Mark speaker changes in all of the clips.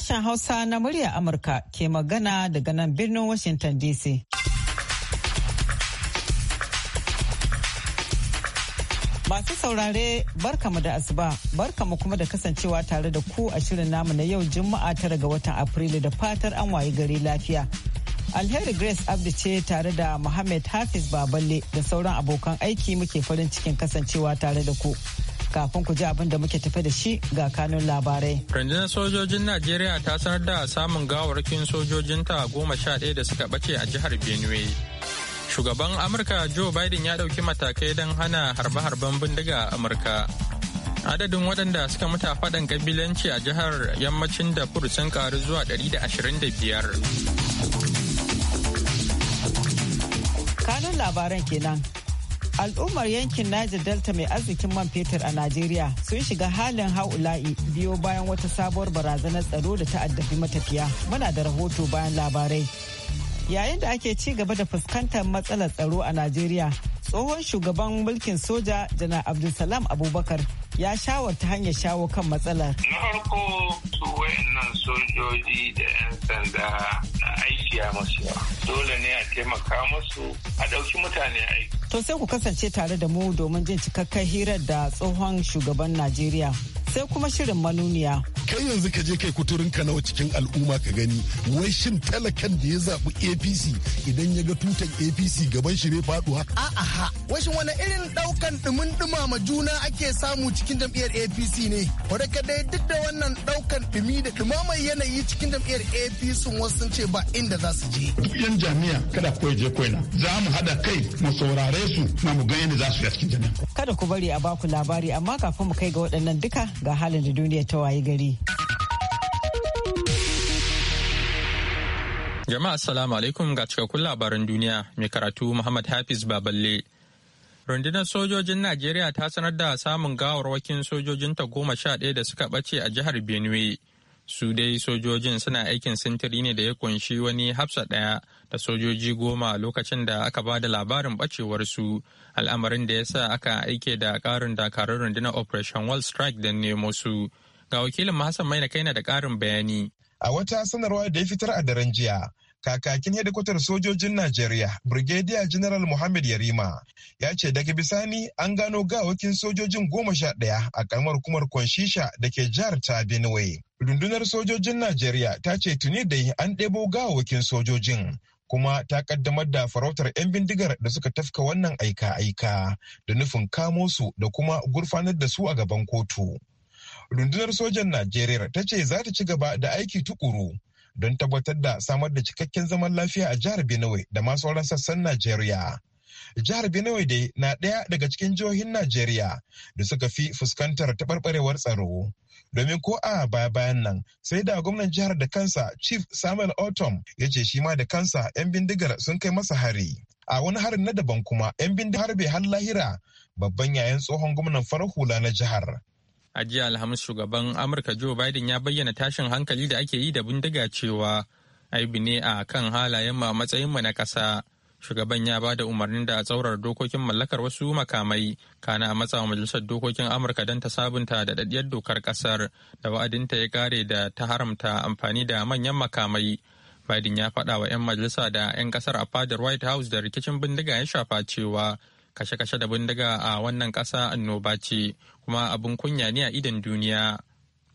Speaker 1: Sashen Hausa na murya Amurka ke magana daga nan birnin Washington DC. Masu saurare barkamu da asuba, barkamu kuma da kasancewa tare da ku a shirin namu na yau Juma'a tara ga watan Afrilu da fatar an wayi gari lafiya. Alheri Grace Abdi ce tare da Muhammad Hafiz Baballe da sauran abokan aiki muke farin cikin kasancewa tare da ku. kafin ku ji abin da muke tafe da shi ga kanun labarai.
Speaker 2: Rundunar sojojin Najeriya ta sanar da samun gawarkin sojojinta goma sha ɗaya da suka bace a jihar Benue. Shugaban Amurka Joe Biden ya ɗauki matakai don hana harbe-harben bindiga a Amurka. Adadin waɗanda suka mutu a faɗan ƙabilanci a jihar yammacin da sun ƙaru zuwa ɗari da da biyar.
Speaker 1: kanun labaran kenan al'ummar yankin niger delta mai arzikin man fetur a najeriya sun shiga halin haula'i biyo bayan wata sabuwar barazanar tsaro da ta'addafi matafiya muna da rahoto bayan labarai yayin da ake ci gaba da fuskantar matsalar tsaro a najeriya tsohon shugaban mulkin soja jana abdulsalam abubakar ya shawar ta hanyar shawo kan matsalar na
Speaker 3: farko su wayannan sojoji da 'yan sanda na aiki a masu dole ne a taimaka musu a ɗauki mutane
Speaker 1: aiki To sai ku kasance tare da mu domin jin cikakken hirar da tsohon shugaban Najeriya. Sai kuma shirin manuniya.
Speaker 4: Kai yanzu ka je kai ka nawa cikin al'umma ka gani wai shin talakan da ya zaɓi APC idan ya ga tutan APC gaban shi bai faɗuwa.
Speaker 5: A'a ha, washin wani irin ɗaukan ɗumin ɗumama juna ake samu cikin jam'iyyar APC ne. Wadda ka dai duk da wannan ɗau dumi da dumamar yanayi cikin jam'iyyar
Speaker 6: apc wasu sun ce ba inda za su je duk yan jami'a kada ko je koina za mu haɗa kai mu saurare su na mu gani za su yi cikin jami'a
Speaker 1: kada ku bari a baku labari amma kafin mu kai ga waɗannan duka ga halin da duniya ta wayi gari
Speaker 2: Jama'a Assalamu alaikum ga cikakkun labaran duniya mai karatu Muhammad Hafiz Baballe. Rundunar sojojin Najeriya ta sanar da samun gawarwakin sojojinta goma sha ɗaya da suka ɓace a jihar Benue su dai sojojin suna aikin sintiri ne da ya kunshi wani hafsa daya da sojoji goma lokacin da aka ba da labarin su al'amarin da ya sa aka aike da ƙarin dakarun rundunar operation wall strike don nemo su ga wakilin hassan maina na da ƙarin bayani
Speaker 7: a wata sanarwa da ya fitar a daren jiya kakakin hedikwatar sojojin Najeriya, Brigadier General Muhammad Yarima, ya ce daga bisani an gano gawakin sojojin goma sha ɗaya a karamar kumar Kwanshisha da ke jihar ta Benue. Rundunar sojojin Najeriya ta ce tuni dai an ɗebo gawakin sojojin. kuma ta kaddamar da farautar 'yan bindigar da suka tafka wannan aika-aika da nufin kamo su da kuma gurfanar da su a gaban kotu. Rundunar sojan Najeriya ta ce za ta ci gaba da aiki tukuru don tabbatar da samar da cikakken zaman lafiya a jihar Benue da ma sauran sassan Najeriya. Jihar Benue dai na ɗaya daga cikin jihohin Najeriya da suka fi fuskantar taɓarɓarewar tsaro. Domin ko a baya bayan nan sai da gwamnan jihar da kansa Chief Samuel Otom ya ce shi ma da kansa 'yan bindigar sun kai masa hari. A wani harin na daban kuma 'yan bindigar harbe har lahira babban yayan tsohon gwamnan farar hula na jihar.
Speaker 2: A jiya Alhamis shugaban Amurka Joe Biden ya bayyana tashin hankali da ake yi da bindiga cewa aibi ne a kan halayen ma matsayin mu na ƙasa. Shugaban ya ba da umarnin da tsaurar dokokin mallakar wasu makamai kana a matsawa majalisar dokokin Amurka don ta sabunta da daɗiyar dokar ƙasar da wa'adinta ya kare da ta haramta amfani da manyan makamai. Biden ya faɗa wa 'yan majalisa da 'yan ƙasar a fadar White House da rikicin bindiga ya shafa cewa kashe-kashe da bindiga a wannan ƙasa annoba ce kuma abin kunya ne a idan duniya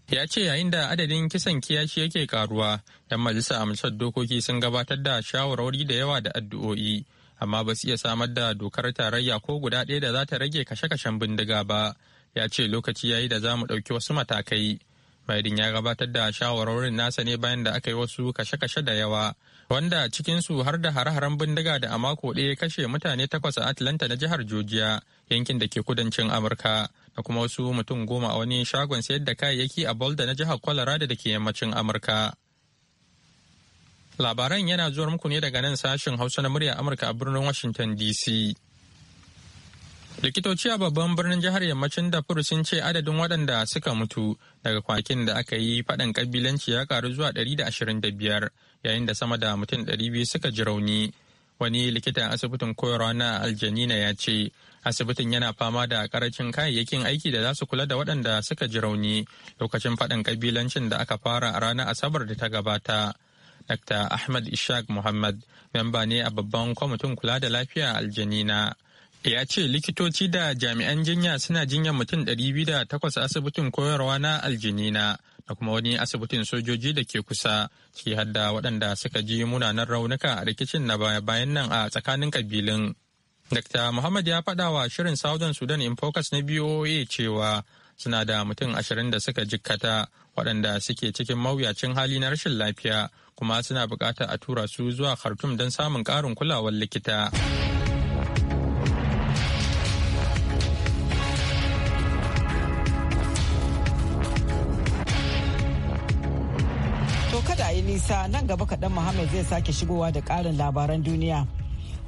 Speaker 2: ya ce yayin da adadin kisan kiyashi yake karuwa yan majalisa amsar dokoki sun gabatar da shawarwari da yawa da addu'o'i amma ba su iya samar da dokar tarayya ko guda ɗaya da za ta rage kashe-kashen bindiga ba ya ce lokaci yayi da za mu ɗauki wasu matakai Biden ya gabatar da shawarwarin nasa ne bayan da aka yi wasu kashe-kashe da yawa wanda su har da hare-haren bindiga da a mako ɗaya kashe mutane takwas a Atlanta na jihar Georgia yankin da ke kudancin Amurka da kuma wasu mutum goma a wani shagon sayar da kayayyaki a Boulder na jihar Colorado da ke yammacin Amurka. Labaran yana zuwa muku ne daga nan sashen Hausa na murya Amurka a birnin Washington DC. Likitoci a babban birnin jihar yammacin Darfur sun ce adadin waɗanda suka mutu daga kwakin da aka yi faɗan ƙabilanci ya karu zuwa ɗari 125 yayin da sama da mutum ɗari biyu suka ji rauni. Wani likitan asibitin koyarwa na Aljanina ya ce asibitin yana fama da ƙarancin kayayyakin aiki da za su kula da waɗanda suka ji rauni lokacin faɗan ƙabilancin da aka fara a ranar Asabar da ta gabata. Dr. Ahmad Ishaq Muhammad, memba ne a babban kwamitin kula da lafiya Aljanina. ya ce likitoci da jami'an jinya suna jinyar mutum ɗari biyu da 208 asibitin koyarwa na aljinina da kuma wani asibitin sojoji da ke kusa ciki hadda waɗanda suka ji munanan raunuka a rikicin na bayan nan a tsakanin kabilun. Dr. Muhammad ya faɗa wa shirin Southern Sudan in Focus na BOA cewa suna da mutum ashirin da suka jikkata waɗanda suke cikin mawuyacin hali na rashin lafiya kuma suna buƙatar a tura su zuwa Khartoum don samun ƙarin kulawar likita.
Speaker 1: nisa nan gaba kaɗan Muhammad zai sake shigowa da ƙarin labaran duniya.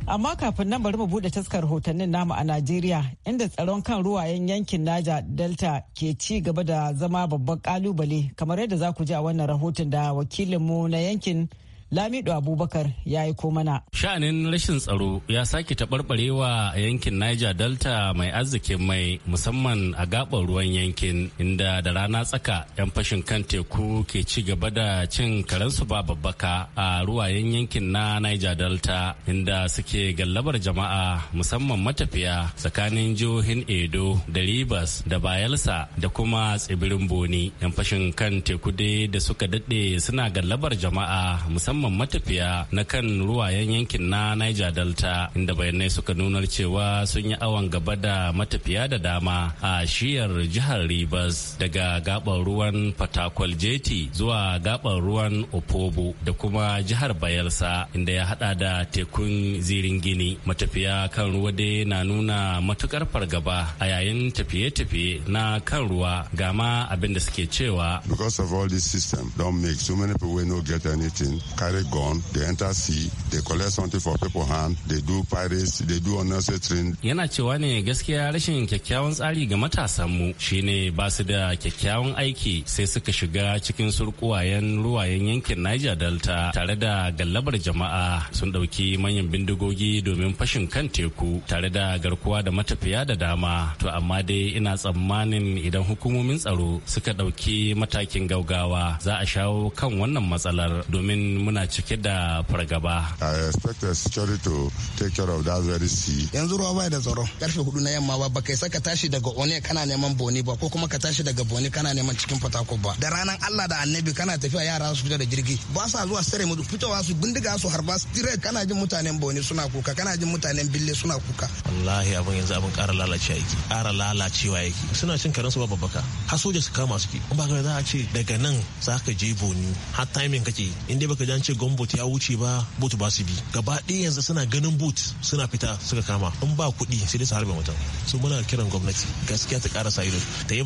Speaker 1: Amma kafin nan bari mu buɗe taskar hotannin namu a Najeriya inda tsaron kan ruwayen yankin Naja Delta ke ci gaba da zama babban ƙalubale kamar yadda za ku ji a wannan rahoton da wakilinmu na yankin Lamido Abubakar ya yi mana.
Speaker 8: Sha'anin rashin tsaro ya sake taɓarɓare a yankin Niger Delta mai arzikin mai musamman a gaɓar ruwan yankin inda da rana tsaka 'yan fashin kan teku ke ci gaba da cin karensu ba babbaka a ruwayen yankin na Niger Delta inda suke gallabar jama'a musamman matafiya tsakanin jihohin Edo da Rivers da Bayelsa da kuma tsibirin Boni. 'Yan fashin kan teku dai da suka daɗe suna gallabar jama'a musamman musamman matafiya na kan ruwayen yankin na Niger Delta inda bayanai suka nunar cewa sun yi awon gaba da matafiya da dama a shiyar jihar Rivers daga gabar ruwan Fatakwal Jeti zuwa gabar ruwan Opobo da kuma jihar Bayelsa inda ya hada da tekun zirin Gini matafiya kan ruwa dai na nuna matukar fargaba a yayin tafiye-tafiye na kan ruwa ga ma abin da suke cewa
Speaker 4: because of all this system don't make so many people no get anything carry gun, they enter sea, they collect something for people hand, they do pirates, they do unnecessary training.
Speaker 8: Yana cewa ne gaskiya rashin kyakkyawan tsari ga matasan mu shine ba su da kyakkyawan aiki sai suka shiga cikin surkuwayen ruwayen yankin Niger Delta tare da gallabar jama'a sun dauki manyan bindigogi domin fashin kan teku tare da garkuwa da matafiya da dama to amma dai ina tsammanin idan hukumomin tsaro suka dauki matakin gaugawa za a shawo kan wannan matsalar domin muna yana cike da fargaba. I expect the security to take care of that very sea.
Speaker 5: Yanzu ruwa bai da tsaro. Karfe hudu na yamma ba kai saka tashi daga One kana neman Boni ba ko kuma ka tashi daga Boni kana neman cikin Fatako ba. Da ranar Allah da Annabi kana tafiya yara su fita da jirgi. Ba sa zuwa sare mu fitowa su bindiga su harba su tire kana jin mutanen Boni suna kuka kana jin mutanen Bille
Speaker 9: suna kuka. Wallahi abin yanzu abin kara lalace yake. kara lalacewa yake. Suna cin su ba babbaka. Har soja su kama suke. In ba za a ce daga nan za ka je Boni har timing kake in dai baka jan ce gombot ya wuce ba boot ba su bi gaba ɗaya yanzu suna ganin boot suna fita suka kama in ba kuɗi sai dai su harbe mutum su muna kiran gwamnati gaskiya ta ƙara sa ido ta yi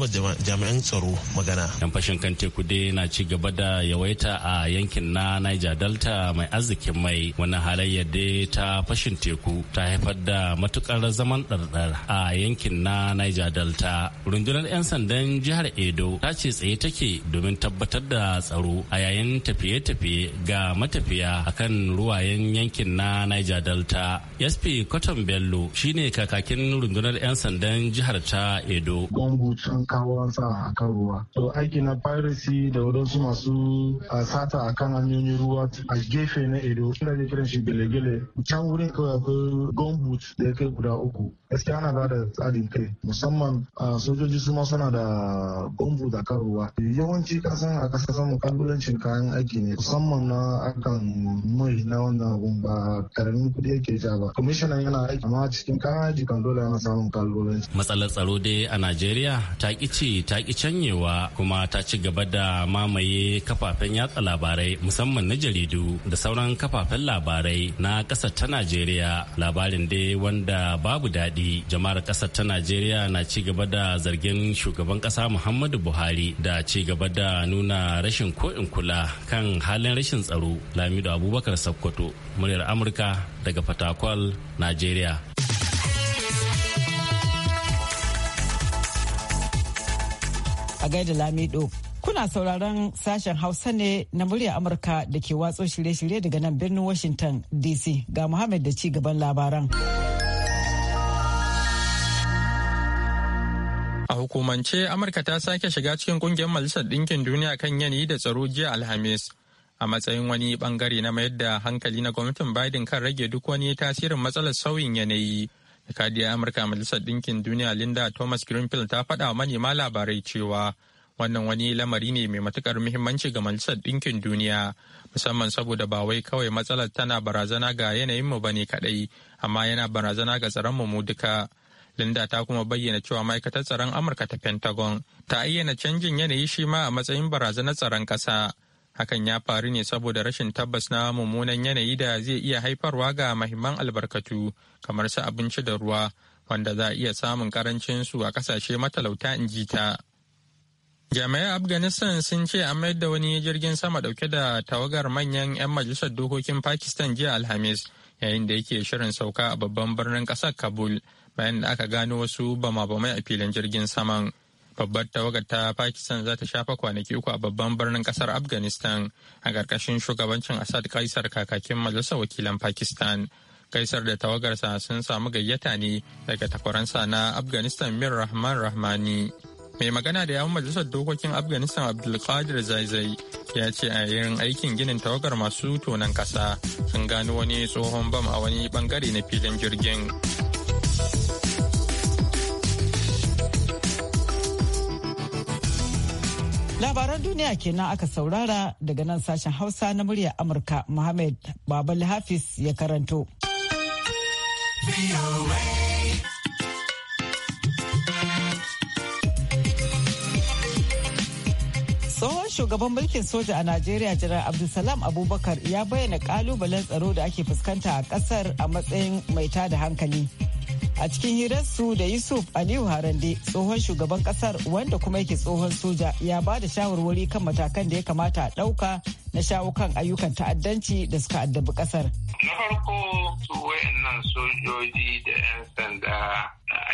Speaker 8: jami'an tsaro magana yan fashin kan teku dai na ci gaba da yawaita a yankin na niger delta mai arzikin mai wani halayya dai ta fashin teku ta haifar da matukar zaman ɗarɗar a yankin na niger delta rundunar 'yan sandan jihar edo ta ce tsaye take domin tabbatar da tsaro a yayin tafiye-tafiye ga A matafiya akan ruwayen yankin na Niger Delta. SP Cotton Bello shine kakakin rundunar 'yan sandan jihar ta Edo.
Speaker 9: Bombu can kawo sa kan ruwa. To aiki na piracy da wadansu masu sata a kan hanyoyin ruwa a gefe na Edo. Ina da kiran shi gele-gele. Can wurin kawai akwai gumboots
Speaker 7: da ya kai guda uku. gaskiya ana ba da tsarin kai musamman a sojoji su ma suna da gombu da kan ruwa yawanci kasan a kasa samun kalbulancin kayan aiki ne musamman
Speaker 8: na
Speaker 9: akan mai na wannan abun ba karamin kudi yake ja ba kwamishinan yana aiki
Speaker 5: amma cikin kayan aiki kan dole ana samun kalbulanci.
Speaker 8: matsalar tsaro dai a najeriya ta ce ta ki canyewa kuma ta ci gaba da mamaye kafafen yatsa labarai musamman na jaridu da sauran kafafen labarai na ƙasar ta najeriya labarin dai wanda babu daɗi jama'ar kasar ta najeriya na ci gaba da zargin shugaban ƙasa muhammadu buhari da ci gaba da nuna rashin ko'in kula kan halin rashin tsaro lamido abubakar sakkwato muryar amurka daga fatakwal najeriya
Speaker 1: a gaida lamido Kuna sauraron sashen Hausa ne na murya Amurka da ke watso shirye-shirye daga nan birnin Washington DC ga Muhammad da ci gaban labaran.
Speaker 2: A hukumance, Amurka ta sake shiga cikin kungiyar Majalisar Ɗinkin Duniya kan yanayi da tsaro jiya Alhamis. A matsayin wani bangare na mayar da hankali na gwamnatin Biden kan rage duk wani tasirin matsalar sauyin yanayi. Jakadiyar Amurka Majalisar dinkin Duniya Linda Thomas Greenfield ta faɗa wa manema labarai cewa wannan wani lamari ne mai matukar muhimmanci ga Majalisar Ɗinkin Duniya musamman saboda ba wai kawai matsalar tana barazana ga yanayinmu ba ne kaɗai amma yana barazana ga tsaronmu mu duka. Linda ta kuma bayyana cewa ma'aikatar tsaron Amurka ta Pentagon ta ayyana canjin yanayi shi ma a matsayin barazanar tsaron ƙasa. Hakan ya faru ne saboda rashin tabbas na mummunan yanayi da zai iya haifarwa ga mahimman albarkatu kamar su abinci da ruwa wanda za a iya samun karancin su a kasashe matalauta in ji ta. Jami'ai Afghanistan sun ce an mayar da wani jirgin sama dauke da tawagar manyan 'yan majalisar dokokin Pakistan jiya Alhamis yayin da yake shirin sauka a babban birnin ƙasar Kabul. bayan da aka gano wasu bama-bamai a filin jirgin saman babbar tawagar ta pakistan za ta shafa kwanaki uku a babban birnin kasar afghanistan a ƙarƙashin shugabancin asad kaisar kakakin majalisar wakilan pakistan kaisar da tawagarsa sun samu gayyata ne daga takwaransa na afghanistan mir rahman rahmani mai magana da yawon majalisar dokokin afghanistan abdulkadir zaizai ya ce a yin aikin ginin tawagar masu tonon kasa sun gano wani tsohon bam a wani bangare na filin jirgin
Speaker 1: Labaran duniya kenan aka saurara daga nan sashen Hausa na muryar Amurka Mohammed Babal Hafiz ya karanto. Tsohon shugaban mulkin soja a Najeriya Janar Abdulsalam Abubakar ya bayyana kalubalen tsaro da ake fuskanta a kasar a matsayin mai tada hankali. a cikin hirarsu da yusuf aliyu harande tsohon shugaban kasar wanda kuma yake tsohon soja ya ba da shawarwari kan matakan da ya kamata a ɗauka na shawo kan ayyukan ta'addanci da suka addabi kasar
Speaker 3: na farko su wayannan sojoji da 'yan sanda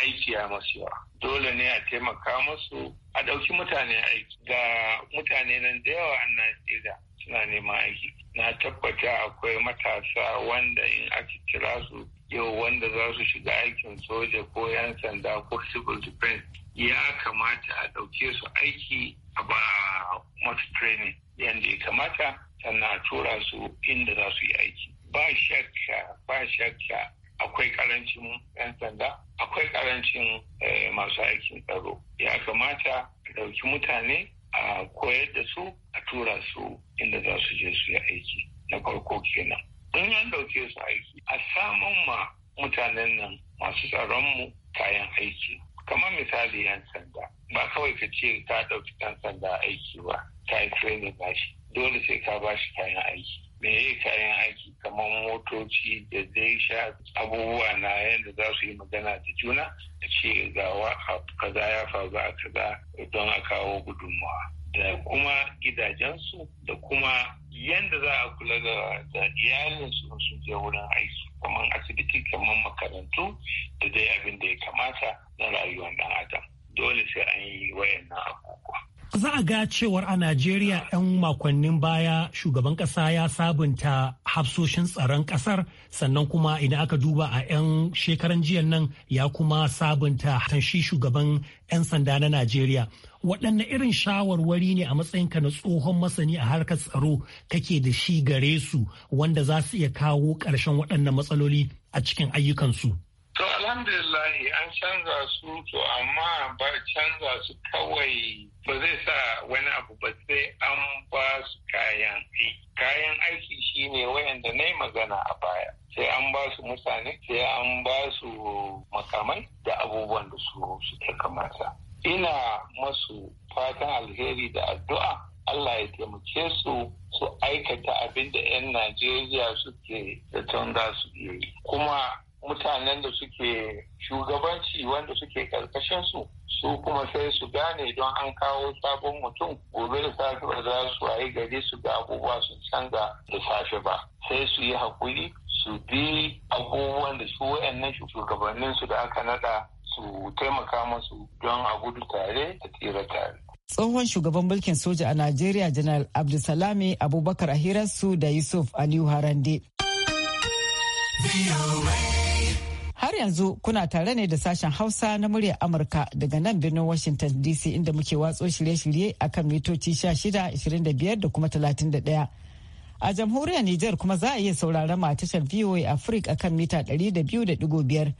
Speaker 3: aiki ya masu yawa dole ne a taimaka masu a ɗauki mutane aiki ga mutane nan da yawa a najeriya suna neman aiki na tabbata akwai matasa wanda in aka kira su yau wanda za su shiga aikin soja ko 'yan sanda ko civil defense ya kamata a ɗauke su aiki a ba masu training yadda ya kamata sannan a tura su inda za su yi aiki ba shakka ba shakka akwai karancin 'yan sanda akwai karancin eh, masu aikin tsaro ya kamata a ɗauki mutane a koyar da su a tura su inda za su je su yi aiki na farko kenan in an ɗauke su aiki a samun ma mutanen nan masu tsaronmu kayan aiki kamar misali yan sanda ba kawai ka ce ka ɗauki yan sanda aiki ba ka yi training ba shi dole sai ka ba shi kayan aiki me ya kayan aiki kamar motoci da zai sha abubuwa na yadda za su yi magana da juna ce ga kaza ya faru a kaza don a kawo gudunmawa da kuma gidajensu da kuma yadda za a kula da iyalinsu sun je wurin aiki kamar asibiti kamar makarantu da dai abin da ya kamata na rayuwar dan adam dole sai an yi wayannan abubuwa
Speaker 9: Za a ga cewar a Najeriya 'yan makonnin baya shugaban ƙasa ya sabunta hafsoshin tsaron ƙasar sannan kuma idan aka duba a 'yan shekaran jiyan nan ya kuma sabunta shi shugaban 'yan sanda na Najeriya. Waɗanne irin shawarwari ne a matsayinka na tsohon masani a harkar tsaro kake da shi gare su wanda za su iya kawo ƙarshen waɗannan matsaloli a cikin ayyukansu?
Speaker 3: To alhamdulillahi an canza su to amma ba canza su kawai ba zai sa wani abu ba sai an ba su kayan aiki. Kayan aiki shi ne wayanda na yi magana a baya. Sai an ba su mutane, sai an ba su makamai da abubuwan da su suke kamata. Ina masu fatan alheri da addu'a Allah ya taimake su su aikata abin da 'yan Najeriya suke da tunga su yi. Kuma mutanen da suke shugabanci wanda suke karkashin su su kuma sai su gane don an kawo sabon mutum gobe da safe ba za su wayi gari su ga abubuwa su canza da safe ba sai su yi hakuri su bi abubuwan da su wayannan shugabannin su da aka nada su taimaka musu don a gudu tare da tsira tare
Speaker 1: tsohon shugaban mulkin soja a najeriya janar abdulsalami abubakar a da yusuf aliyu harande. Har yanzu kuna tare ne da sashen Hausa na muryar Amurka daga nan birnin Washington DC inda muke watso shirye-shirye akan mitoci 16, 25 da kuma 31. A jamhuriyar Nijar kuma za a iya sauraron mu a tashar VOA Africa akan mita 200.5.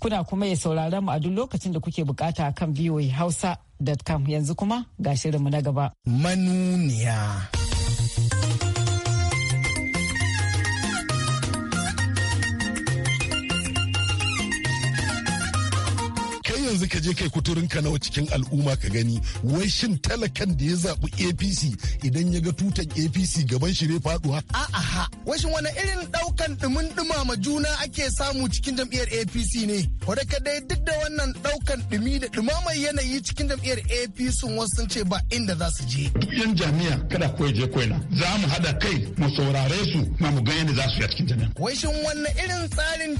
Speaker 1: Kuna kuma iya sauraron mu a duk lokacin da kuke bukata akan voahausa.com yanzu kuma ga shirinmu na gaba. Manuniya.
Speaker 4: yanzu ka je kai kuturin ka nawa cikin al'umma ka gani wai
Speaker 5: shin talakan da ya zaɓi apc idan ya ga tutan apc gaban shi ne faduwa a'a wai shin wani irin ɗaukan ɗumin ma juna ake samu cikin jam'iyyar apc ne ka dai duk da wannan ɗaukan ɗumi da ɗumamar yanayi cikin jam'iyyar apc
Speaker 6: wasu sun ce ba inda za su je duk yan jami'a kada ko je ina za mu haɗa kai mu saurare su ma mu ga yadda za su yi a cikin jami'a
Speaker 5: wai shin wani irin tsarin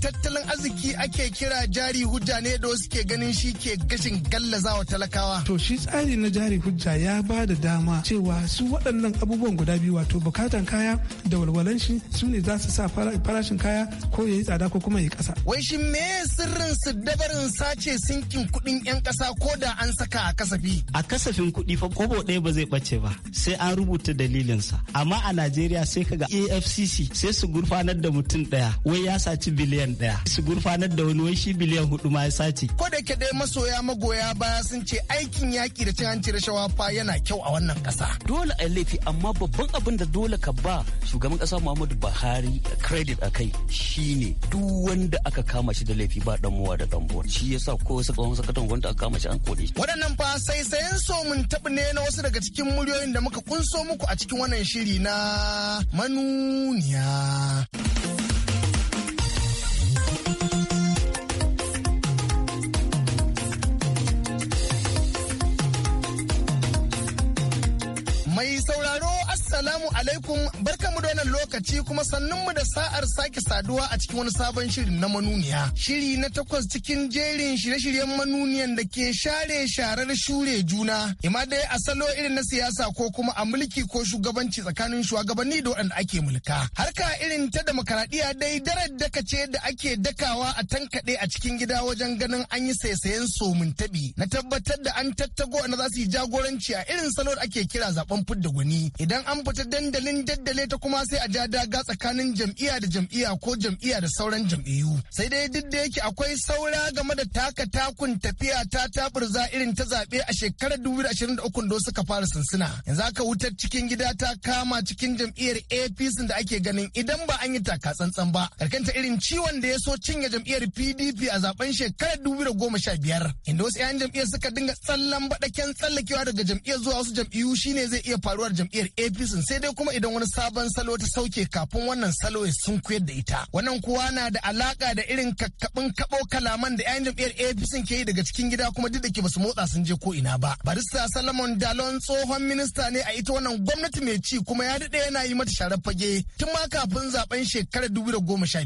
Speaker 5: tattalin arziki ake kira jari hujja ne da suke ganin shi ke gashin gallazawa talakawa.
Speaker 10: To shi tsari na jari hujja ya ba da dama cewa su waɗannan abubuwan guda biyu wato bukatan kaya da walwalan shi su ne za su sa farashin kaya ko ya yi tsada ko kuma ya ƙasa. Wai shi
Speaker 5: me sirrin su dabarin sace sinkin kuɗin 'yan ƙasa ko da an saka a kasafi.
Speaker 11: A kasafin kuɗi fa kobo ɗaya ba zai ɓace ba sai an rubuta dalilinsa amma a Najeriya sai kaga AFCC sai su gurfanar da mutum ɗaya wai ya saci biliyan ɗaya su gurfanar da wani wai shi biliyan hudu ma ya saci. ko da yake dai masoya magoya baya sun ce aikin yaki da cin hanci da shawafa yana kyau a wannan kasa dole a laifi amma babban abin da dole ka ba shugaban kasa Muhammadu Buhari credit a kai shine duk wanda aka kama shi da laifi ba dan muwa da dan shi yasa ko wasu kawon sakatan wanda aka kama shi an kore shi waɗannan fa sai
Speaker 5: sayan so mun tabi ne na wasu daga cikin muryoyin da muka kunso muku a cikin wannan shiri na manuniya Assalamu alaikum barkamu da wannan lokaci kuma mu da sa'ar sake saduwa a cikin wani sabon shirin na manuniya. Shiri na takwas cikin jerin shirye-shiryen manuniyan da ke share sharar shure juna. Ima dai a salo irin na siyasa ko kuma a mulki ko shugabanci tsakanin shugabanni da waɗanda ake mulka. Harka irin ta demokaradiyya dai darar daka ce da ake dakawa a tankaɗe a cikin gida wajen ganin an yi saisayen tabi Na tabbatar da an tattago na za su yi jagoranci a irin salo da ake kira zaben fidda gwani. Idan an fita dandalin daddale ta kuma sai a ja daga tsakanin jam'iyya da jam'iyya ko jam'iyya da sauran jam'iyyu sai dai duk da yake akwai saura game da taka takun tafiya ta taburza irin ta zaɓe a shekarar 2023 da suka fara sunsuna yanzu aka wutar cikin gida ta kama cikin jam'iyyar apc da ake ganin idan ba an yi taka tsantsan ba karkanta irin ciwon da ya so cinye jam'iyyar pdp a zaben shekarar 2015 inda wasu 'yan jam'iyyar suka dinga tsallan baɗaken tsallakewa daga jam'iyyar zuwa wasu jam'iyyu shine zai iya faruwar jam'iyyar apc sai dai kuma idan wani sabon salo ta sauke kafin wannan salo ya sunkuyar da ita wannan kuwa na da alaka da irin kakkabin kabo kalaman da yan jam'iyyar APC ke yi daga cikin gida kuma duk da ke basu motsa sun je ko ina ba barista Salomon Dalon tsohon minista ne a ita wannan gwamnati mai ci kuma ya daɗe yana yi mata sharar fage tun ma kafin zaben shekarar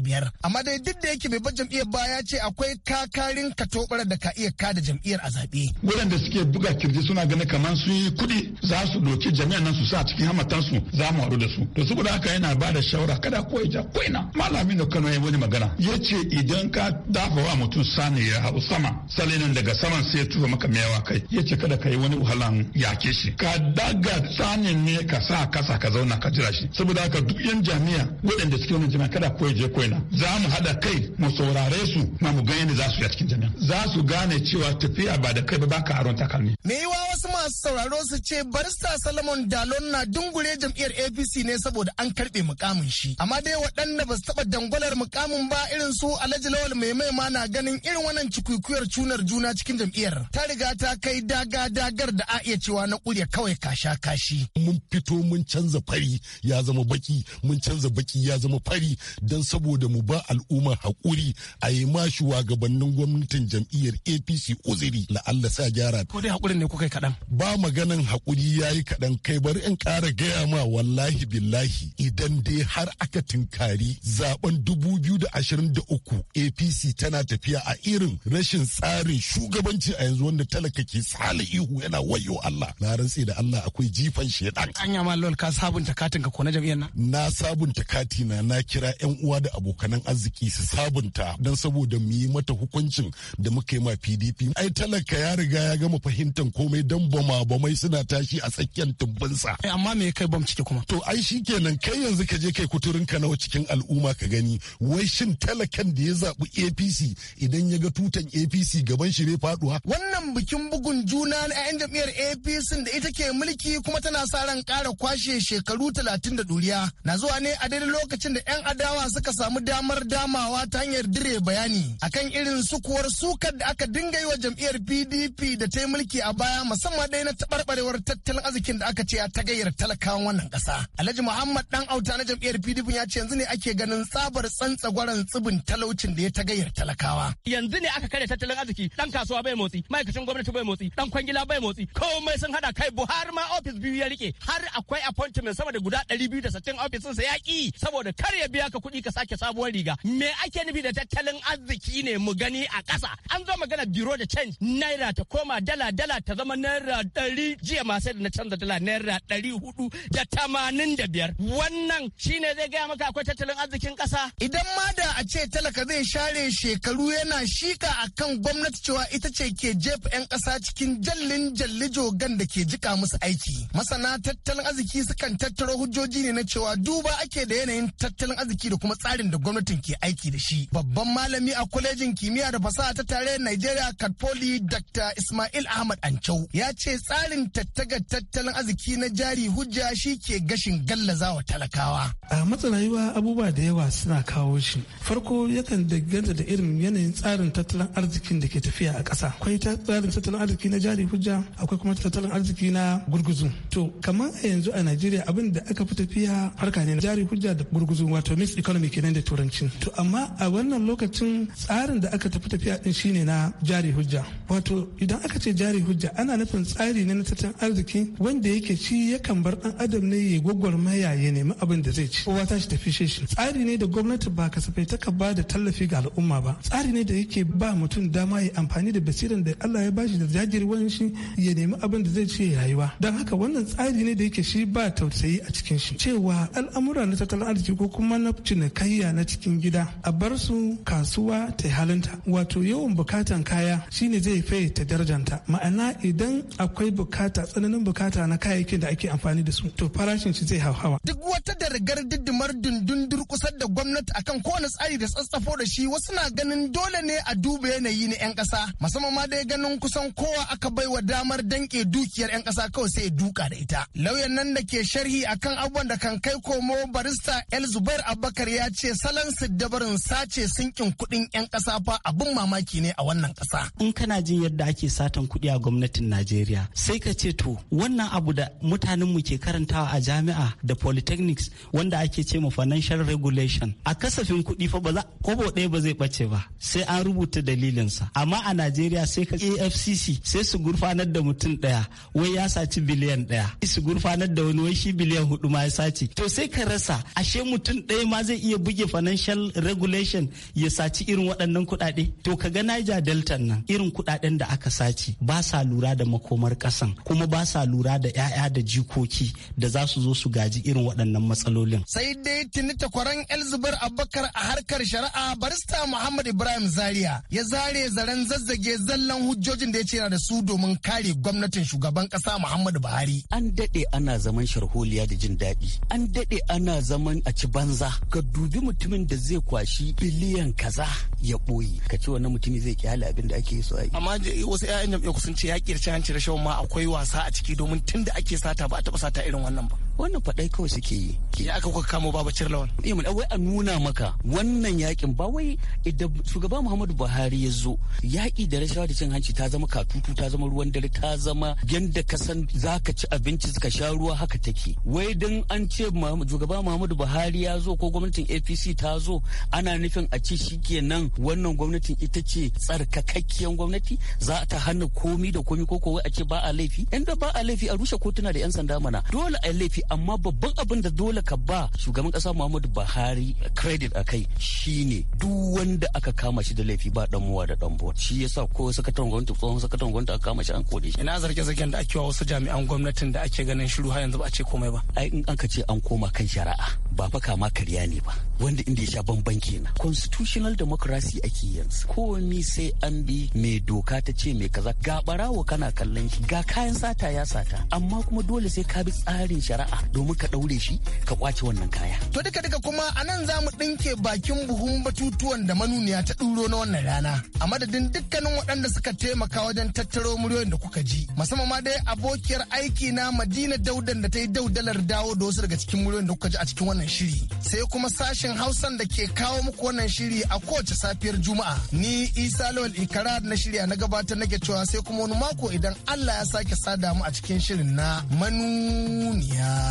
Speaker 5: biyar. amma dai duk da yake bai bar jam'iyyar ya ce akwai kakarin katobar da ka iya kada jam'iyyar a zaɓe.
Speaker 6: wadanda suke buga kirji suna ganin kamar sun yi kuɗi za su ɗauki jami'an nan su sa cikin hamatan su za mu haɗu da su to saboda haka yana ba da shawara kada ko ita ko ina malamin da Kano ya wani magana ya ce idan ka dafa wa mutum sani ya hau sama salinan daga saman sai ya tura maka mewa kai ya ce kada ka yi wani wahalan yake shi ka daga sanin ne ka sa kasa ka zauna ka jira shi saboda haka duk yan jami'a waɗanda suke wani jami'a kada ko je ko ina za mu haɗa kai mu saurare su ma mu ga za su yi cikin jami'a za su gane cewa tafiya ba da kai ba baka aron takalmi.
Speaker 5: me wa wasu masu sauraro su ce barista salomon dalon na dungu kure jam'iyyar apc ne saboda an karɓe mukamin shi amma dai waɗanda ba su taɓa dangwalar mukamin ba irin su alhaji lawal mai maima na ganin irin wannan cikikiyar cunar juna cikin jam'iyyar ta riga ta kai daga dagar da a iya cewa na kure kawai kasha kashi mun fito mun canza
Speaker 4: fari ya zama baki mun canza baki ya zama fari dan saboda mu ba al'umma haƙuri a yi wa shugabannin gwamnatin jam'iyyar apc uziri la'alla sa gyara
Speaker 5: ko dai haƙurin ne kuka kaɗan
Speaker 4: ba maganan haƙuri yayi kaɗan kai bari in ƙara gaya gaya ma wallahi billahi idan dai har aka tinkari zaben 2023 apc tana tafiya a irin rashin tsarin shugabanci a yanzu wanda talaka ke tsala ihu yana wayo allah na rantse da allah akwai jifan shedan
Speaker 5: anya ma lol ka sabunta katin ka ko na jam'iyyar nan na
Speaker 4: sabunta kati na na kira yan uwa da abokanan arziki su sabunta dan saboda mu yi mata hukuncin da muka yi ma pdp ai talaka ya riga ya gama fahimtar komai dan bama bamai suna tashi a tsakiyar tumbinsa eh, amma me kai bam ciki kuma to ai shi kenan kai yanzu ka je kai kuturin ka nawa cikin al'umma ka gani wai shin talakan da ya zabi APC
Speaker 5: idan ya ga tutan APC gaban shi bai faduwa wannan bikin bugun juna na 'yan jam'iyyar APC da ita ke mulki kuma tana sa ran kara kwashe shekaru talatin da ɗuriya na zuwa ne a daidai lokacin da 'yan adawa suka samu damar damawa ta hanyar dire bayani akan irin sukuwar sukar da aka dinga yi wa jam'iyyar PDP da ta yi mulki a baya musamman dai na taɓarɓarewar tattalin arzikin da aka ce a tagayyar talaka talakawan wannan kasa. Alhaji Muhammad Dan Auta na jam'iyyar PDP ya ce yanzu ne ake ganin tsabar tsantsagwaran tsibin talaucin da ya ta gayyar talakawa.
Speaker 11: Yanzu ne aka karya tattalin arziki dan kasuwa bai motsi, ma'aikacin gwamnati bai motsi, dan kwangila bai motsi, komai sun hada kai Buhari ma ofis biyu ya rike har akwai appointment sama da guda 260 ofis sa ya ki saboda kar ya biya ka kuɗi ka sake sabuwar riga. Me ake nufi da tattalin arziki ne mu gani a ƙasa? An zo magana biro da change naira ta koma dala dala ta zama naira ɗari jiya ma sai da na canza dala naira ɗari hudu da tamanin da biyar wannan shine zai gaya maka akwai tattalin arzikin ƙasa. idan ma da a ce talaka zai share shekaru
Speaker 5: yana shika a kan gwamnati cewa ita ce ke jefa 'yan kasa cikin jallin jallijo gan da ke jika musu aiki masana tattalin arziki sukan tattaro hujjoji ne na cewa duba ake da yanayin tattalin arziki da kuma tsarin da gwamnatin ke aiki da shi babban malami a kwalejin kimiyya da fasaha ta tarayyar nigeria Katfoli Dr. Ismail Ahmad Ancau ya ce tsarin tattagar tattalin arziki na jari hujja shi ke gashin gallaza wa talakawa.
Speaker 10: A matsa rayuwa abubuwa da yawa suna kawo shi. Farko yakan danganta da irin yanayin tsarin tattalin arzikin da ke tafiya a ƙasa. Akwai tsarin tattalin arziki na jari hujja, akwai kuma tattalin arziki na gurguzu. To kamar a yanzu a Najeriya abin da aka fi tafiya harka ne na jari hujja da gurguzu wato mixed economy kenan da turanci. To amma a wannan lokacin tsarin da aka tafi tafiya din shine na jari hujja. Wato idan aka ce jari hujja ana nufin tsari ne na tattalin arziki wanda yake ci yakan bar dan adam ne ya gwagwarmaya ya nemi abin da zai ci kowa tashi tafi shi tsari ne da gwamnati ba kasafai ta ba da tallafi ga al'umma ba tsari ne da yake ba mutum dama ya amfani da basiran da Allah ya bashi da jajirwan shi ya nemi abin da zai ci rayuwa don haka wannan tsari ne da yake shi ba tausayi a cikin shi cewa al'amura na tattalin arziki ko kuma na cinikayya na cikin gida a bar su kasuwa ta halinta wato yawan bukatan kaya shine zai fai ta darajanta ma'ana idan akwai bukata tsananin bukata na kayayyakin da ake amfani da su to farashin shi zai hauhawa. Duk
Speaker 5: wata dargar diddimar dundun durkusar da gwamnati akan kowane tsari da tsatsafo da shi wasu na ganin dole ne a duba yanayi na 'yan ƙasa musamman ma dai ganin kusan kowa aka baiwa damar danke dukiyar 'yan ƙasa kawai sai duka da ita. Lauyan nan da ke sharhi akan abubuwan da kan kai komo barista El Zubair Abubakar ya ce salon siddabarin sace sinkin kuɗin 'yan kasa fa abin
Speaker 11: mamaki ne a wannan kasa In kana jin yadda ake satan kuɗi a gwamnatin Najeriya sai ka ce to wannan abu da mutanen mu ke karantawa a jami'a da polytechnics wanda ake ce ma financial regulation a kasafin kuɗi fa ba za kobo ɗaya ba zai ɓace ba sai an rubuta dalilinsa amma a najeriya sai ka afcc sai su gurfanar da mutum ɗaya wai ya saci biliyan ɗaya su gurfanar da wani wai shi biliyan hudu ma ya saci to sai ka rasa ashe mutum ɗaya ma zai iya buge financial regulation ya saci irin waɗannan kuɗaɗe to ka ga niger delta nan irin kuɗaɗen da aka saci ba sa lura da makomar kasan kuma ba sa lura da 'ya'ya da jikoki da za su zo su gaji irin waɗannan matsalolin. Sai
Speaker 5: dai tuni takwaran Elzubar Abubakar a harkar shari'a barista Muhammad Ibrahim Zaria ya zare zaren zazzage zallan hujjojin da ya ce yana da su domin kare gwamnatin shugaban
Speaker 11: kasa Muhammadu Buhari. An daɗe ana zaman sharholiya da jin daɗi. An daɗe ana zaman a ci banza. Ka dubi mutumin da zai kwashi biliyan kaza ya ɓoye. Ka ce wannan mutumi zai kyale abin da ake so a yi.
Speaker 5: Amma wasu 'ya'yan jam'iyyar sun ce ya kirci hanci rashawan ma akwai wasa
Speaker 11: a ciki domin tun da ake sata ba a taɓa sata irin wannan ba wannan faɗai kawai suke yi ya aka kuka kamo baba lawan? eh mun wai a nuna maka wannan yakin ba wai idan shugaba Muhammadu Buhari ya zo yaki da rashawa da cin hanci ta zama katutu ta zama ruwan dare ta zama yanda ka san zaka ci abinci ka sha ruwa haka take wai dan an ce shugaba Muhammadu Buhari ya zo ko gwamnatin APC ta zo ana nufin a ce shikenan wannan gwamnatin ita ce tsarkakakkiyar gwamnati za ta hana komi da komi ko ko wai a ce ba a laifi inda ba a laifi a rushe kotuna da yan sanda mana dole a laifi amma babban abin da dole ka ba shugaban kasa Muhammadu Buhari credit a kai shine duk wanda aka kama shi da laifi ba dan muwa da dan bot shi yasa ko sakataren gwamnati tsohon sakataren gwamnati aka kama shi an kode shi ina zarge
Speaker 10: zargen da ake wa wasu jami'an gwamnatin da ake ganin shiru har yanzu ba a ce komai ba
Speaker 11: ai in aka ce an koma kan shari'a ba fa kama kariya ne ba wanda inda ya sha bamban kenan constitutional democracy ake yanzu ni sai an bi mai doka ta ce mai kaza ga barawo kana kallon shi ga kayan sata ya sata amma kuma dole sai ka bi tsarin shari'a domin ka ɗaure shi ka kwace wannan kaya.
Speaker 5: To duka duka kuma a nan za mu ɗinke bakin buhun batutuwan da manuniya ta ɗuro na wannan rana. A madadin dukkanin waɗanda suka taimaka wajen tattaro muryoyin da kuka ji. Musamman ma dai abokiyar aiki na Madina Daudan da ta yi daudalar dawo da wasu daga cikin muryoyin da kuka ji a cikin wannan shiri. Sai kuma sashen Hausan da ke kawo muku wannan shiri a kowace safiyar Juma'a. Ni Isa Lawal Ikara na shirya na gabatar nake cewa sai kuma wani mako idan Allah ya sake sada mu a
Speaker 1: cikin shirin na manuniya.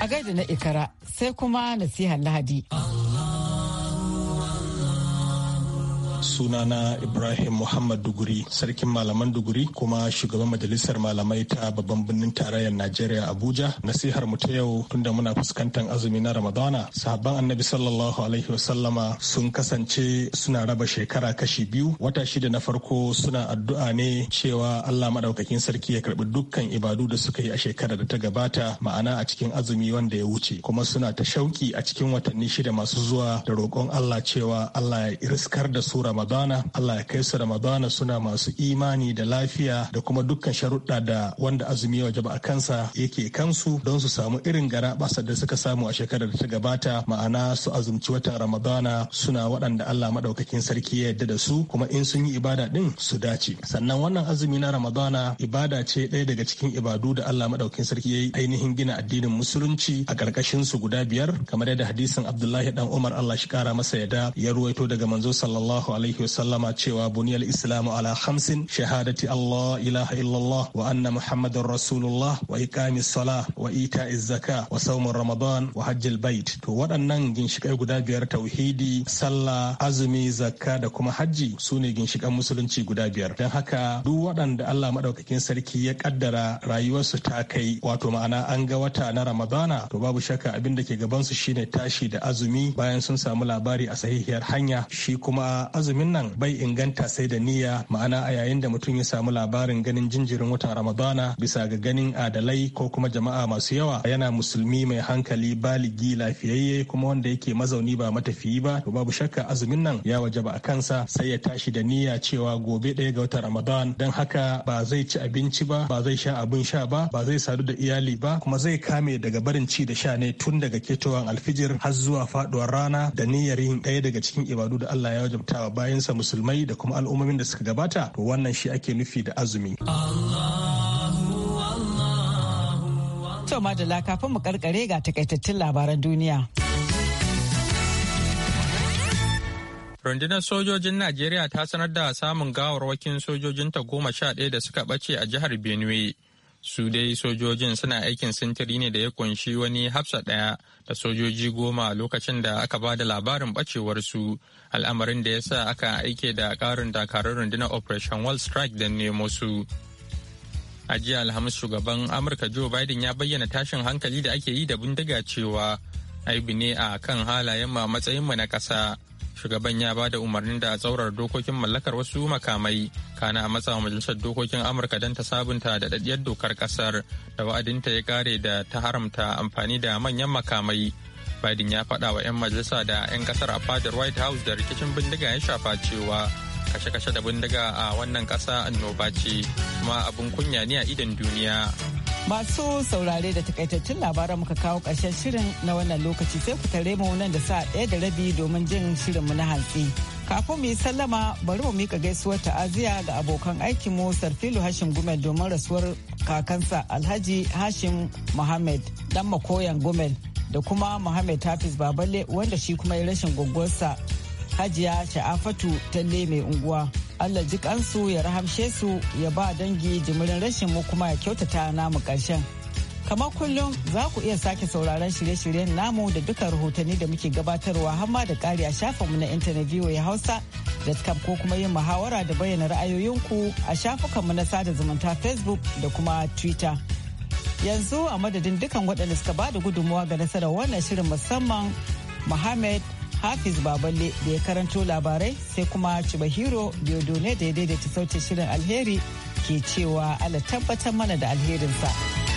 Speaker 1: A gaida na ikara sai kuma nasihar Lahadi.
Speaker 9: sunana Ibrahim Muhammad Duguri, sarkin malaman Duguri kuma shugaban majalisar malamai ta babban birnin tarayyar Najeriya Abuja. Nasihar mu ta yau tunda muna fuskantar azumi na Ramadana, sahabban Annabi sallallahu alaihi wasallama sun kasance suna raba shekara kashi biyu. Wata shida na farko suna addu'a ne cewa Allah madaukakin sarki ya karbi dukkan ibadu da suka yi a shekarar da ta gabata, ma'ana a cikin azumi wanda ya wuce. Kuma suna ta shauki a cikin watanni shida masu zuwa da roƙon Allah cewa Allah ya riskar da su Ramadana ramadana allah ya kai su ramadana suna masu imani da lafiya da kuma dukkan sharuɗa da wanda azumi ya wajaba a kansa yake kansu don su samu irin gara basar da suka samu a shekarar da ta gabata ma'ana su azumci watan ramadana suna waɗanda allah maɗaukakin sarki ya yarda da su kuma in sun yi ibada ɗin su dace sannan wannan azumi na ramadana ibada ce ɗaya daga cikin ibadu da allah maɗaukakin sarki ya yi ainihin gina addinin musulunci a ƙarƙashin su guda biyar kamar yadda hadisin abdullahi dan umar allah shi kara masa yada ya ruwaito daga manzo sallallahu alaihi alaihi wasallama cewa buniyal islamu ala hamsin shahadati allah ilaha illallah wa anna muhammadar rasulullah wa ikami sala wa ita zaka wa saumin ramadan wa hajjil bait to waɗannan ginshikai guda biyar tauhidi sallah azumi zakka da kuma hajji su ne ginshikan musulunci guda biyar don haka duk waɗanda allah maɗaukakin sarki ya kaddara rayuwarsu ta kai wato ma'ana an ga wata na ramadana to babu shakka abin da ke gabansu shine tashi da azumi bayan sun samu labari a sahihiyar hanya shi kuma azumi domin nan bai inganta sai da niyya ma'ana a yayin da mutum ya samu labarin ganin jinjirin watan ramadana bisa ga ganin adalai ko kuma jama'a masu yawa yana musulmi mai hankali baligi lafiyayye kuma wanda yake mazauni ba matafiyi ba to babu shakka azumin nan ya wajaba a kansa sai ya tashi da niyya cewa gobe ɗaya ga watan ramadan don haka ba zai ci abinci ba ba zai sha abin sha ba ba zai sadu da iyali ba kuma zai kame daga barin ci da sha ne tun daga ketowan alfijir har zuwa faduwar rana da niyyar yin ɗaya daga cikin ibadu da Allah ya wajabtawa bayan ra'ayinsa musulmai da kuma al'ummomin da suka gabata to wannan shi ake nufi da azumi.
Speaker 1: mu ga takaitattun labaran duniya.
Speaker 2: Rundunar sojojin Najeriya ta sanar da samun gawarwakin sojojinta goma sha ɗaya da suka ɓace a jihar Benue. su dai sojojin suna aikin sintiri ne da ya kunshi wani hafsa ɗaya da sojoji goma lokacin da aka ba da labarin su al'amarin da ya sa aka aike da karin dakarun rundunar operation wall strike don nemo su a jiya alhamis shugaban amurka joe biden ya bayyana tashin hankali da ake yi da bindiga cewa aibi ne a kan halayen ma matsayinmu na ƙasa shugaban ya ba da umarnin da a tsaurar dokokin mallakar wasu makamai kana a matsawa majalisar dokokin amurka don ta sabunta da daɗaɗɗiyar dokar ƙasar da wa'adinta ya kare da ta haramta amfani da manyan makamai biden ya faɗa wa 'yan majalisa da 'yan ƙasar a fadar white house da rikicin bindiga ya shafa cewa kashe-kashe da bindiga a wannan ƙasa annoba ce kuma abin kunya ne a idon duniya
Speaker 1: Masu saurare da takaitattun labaran muka kawo ƙarshen shirin na wannan lokaci sai ku tare mu nan da sa ɗaya da rabi domin jin shirin shirinmu na hantsi. Kafin mu yi sallama bari mu mika gaisuwar ta'aziya ga abokan aikinmu Sarfilu Hashim Gumel domin rasuwar kakansa Alhaji Hashim Muhammad dan makoyan Gumel da kuma Muhammad Hafiz Baballe wanda shi kuma ya rashin gwaggwarsa Hajiya Sha'afatu Talle mai unguwa. Allah ji ya rahamshe su ya ba dangi jimirin rashin mu kuma ya kyautata namu karshen. Kamar kullum za ku iya sake sauraron shirye-shiryen namu da dukkan rahotanni da muke gabatarwa hamma da ƙari a shafinmu na intanet ya Hausa da ko kuma yin muhawara da bayyana ra'ayoyinku a shafukanmu na sada zumunta Facebook da kuma Twitter. Yanzu a madadin dukkan waɗanda suka ba da gudunmawa ga nasarar wannan shirin musamman Mohammed Hafiz Baballe da ya karanto labarai sai kuma Chibahiro ne da ya daidaita sautin shirin alheri ke cewa ala tabbatar mana da alherinsa.